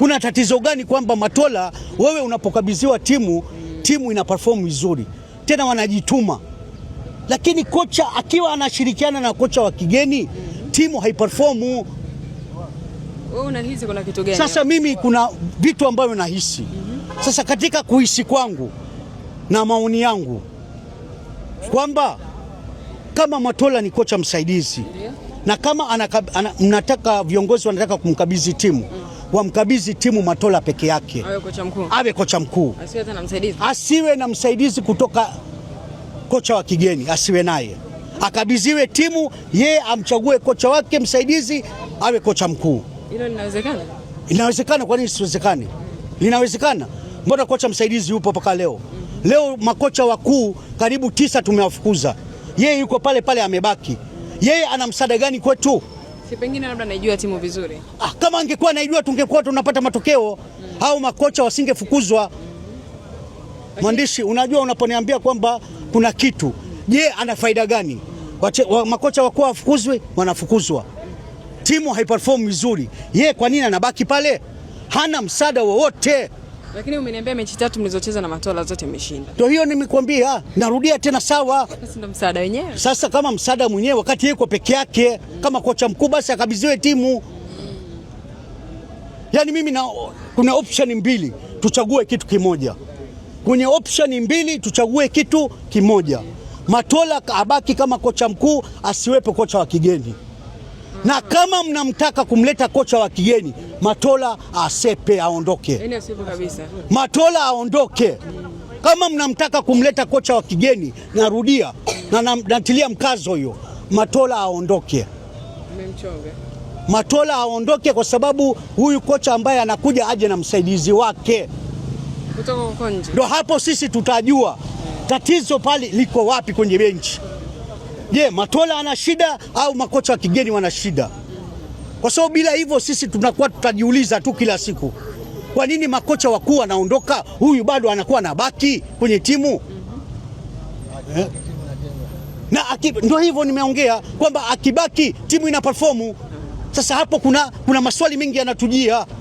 Kuna tatizo gani kwamba Matola, wewe unapokabidhiwa timu, timu ina perform vizuri, tena wanajituma, lakini kocha akiwa anashirikiana na kocha wa kigeni, timu haiperformu. Wewe unahisi kuna kitu gani? Sasa mimi kuna vitu ambavyo nahisi sasa katika kuishi kwangu na maoni yangu kwamba kama Matola ni kocha msaidizi na kama anaka, ana, mnataka viongozi wanataka kumkabidhi timu wamkabidhi timu Matola peke yake, awe kocha mkuu, awe kocha mkuu. Asiwe na msaidizi, asiwe na msaidizi kutoka kocha wa kigeni, asiwe naye, akabidhiwe timu yeye, amchague kocha wake msaidizi, awe kocha mkuu. Hilo linawezekana? Inawezekana, kwa nini siwezekane? Linawezekana. Mbona kocha msaidizi yupo mpaka leo? Leo makocha wakuu karibu tisa tumewafukuza, yeye yuko pale pale amebaki. Yeye ana msaada gani kwetu? Si pengine labda anaijua timu vizuri. Ah, kama angekuwa naijua tungekuwa tunapata matokeo mm. au makocha wasingefukuzwa. Okay. Mwandishi, unajua unaponiambia kwamba kuna kitu, je, ana faida gani? Wache, wa, makocha wakuwa wafukuzwe, wanafukuzwa, timu haiperform vizuri, ye kwa nini anabaki pale? Hana msaada wowote. Lakini umeniambia mechi tatu mlizocheza na Matola zote mmeshinda. Ndio hiyo nimekwambia, narudia tena sawa. Sasa ndio msaada wenyewe. Sasa kama msaada mwenyewe wakati yeye kwa peke yake mm. kama kocha mkuu basi akabidhiwe timu mm. Yaani mimi na kuna option mbili, tuchague kitu kimoja. Kwenye option mbili tuchague kitu kimoja. Matola abaki kama kocha mkuu, asiwepo kocha wa kigeni na kama mnamtaka kumleta kocha wa kigeni Matola asepe, aondoke. Yaani Matola aondoke kama mnamtaka kumleta kocha wa kigeni. Narudia na natilia mkazo hiyo, Matola aondoke. Matola aondoke kwa sababu huyu kocha ambaye anakuja aje na msaidizi wake, ndo hapo sisi tutajua tatizo pale liko wapi kwenye benchi. Je, Matola ana shida au makocha wa kigeni wana shida? Kwa sababu bila hivyo sisi tunakuwa tutajiuliza tu kila siku, kwa nini makocha wakuu wanaondoka, huyu bado anakuwa na baki kwenye timu eh? na ndio hivyo nimeongea kwamba akibaki timu ina perform. Sasa hapo kuna, kuna maswali mengi yanatujia.